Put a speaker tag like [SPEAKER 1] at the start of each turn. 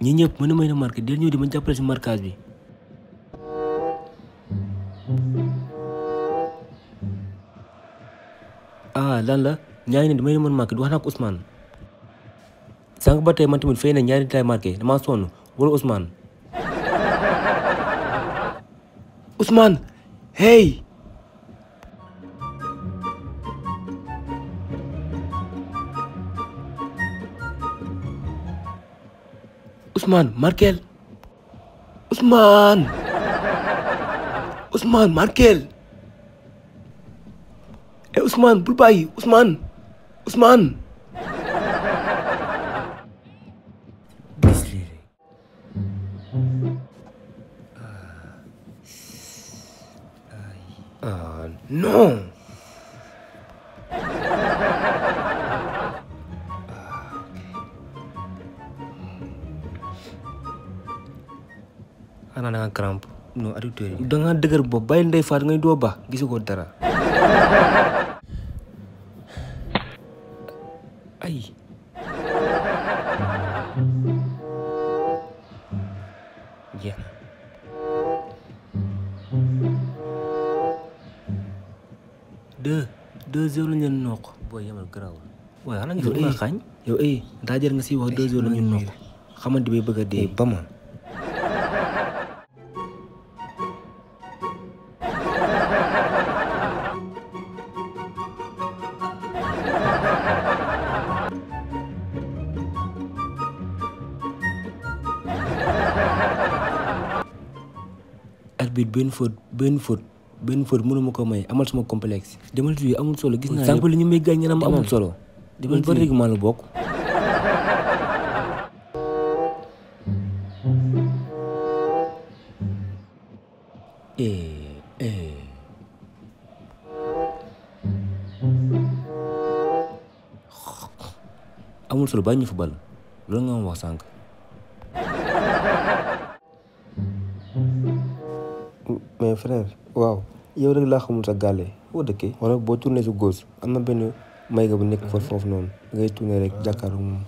[SPEAKER 1] ñi ñëpp mën na may na marqué del ñëw di ma jàppale si marquage bi ah lan la ñaari ne damay na mën marqué du wax naa ko Ousmane sànq ba tey man tamit fay na ñaari nit laay marqué damaa sonn wala Ousmane usmaan hey usmaan Markel Ousmane Ousmane Markel et eh, Ousmane bul bàyyi xanaa da nga crampe non adducteur yi. da ngaa dëgër bopp bàyyi ndey faat ngay doo ba gisu ko dara. ay. jeex na. deux deux heures la ñu leen noq. booy yemal garaawul. waaye xanaa ñu fi xaañ. yow ay daa jër nga siy wax deux heures la ñu noq. xamante bi bëgg a dee eh. ba arbitre benn faute benn faute benn faute mënuma ko may amal sama complexe. demal tuuti amul solo gis naa sànq li ñu may gaañ ñanam amul solo. demal tuuti ba la bokk. Eh, eh. amul solo bàyyi ñu fa bal loolu nga ma mais frère waaw yow rek laa xamul sa gàlle foo dëkkee wala boo tourné su gauche am na benn mayga bu nekk foofu noonu ngay tourné rek jàkkaaru moom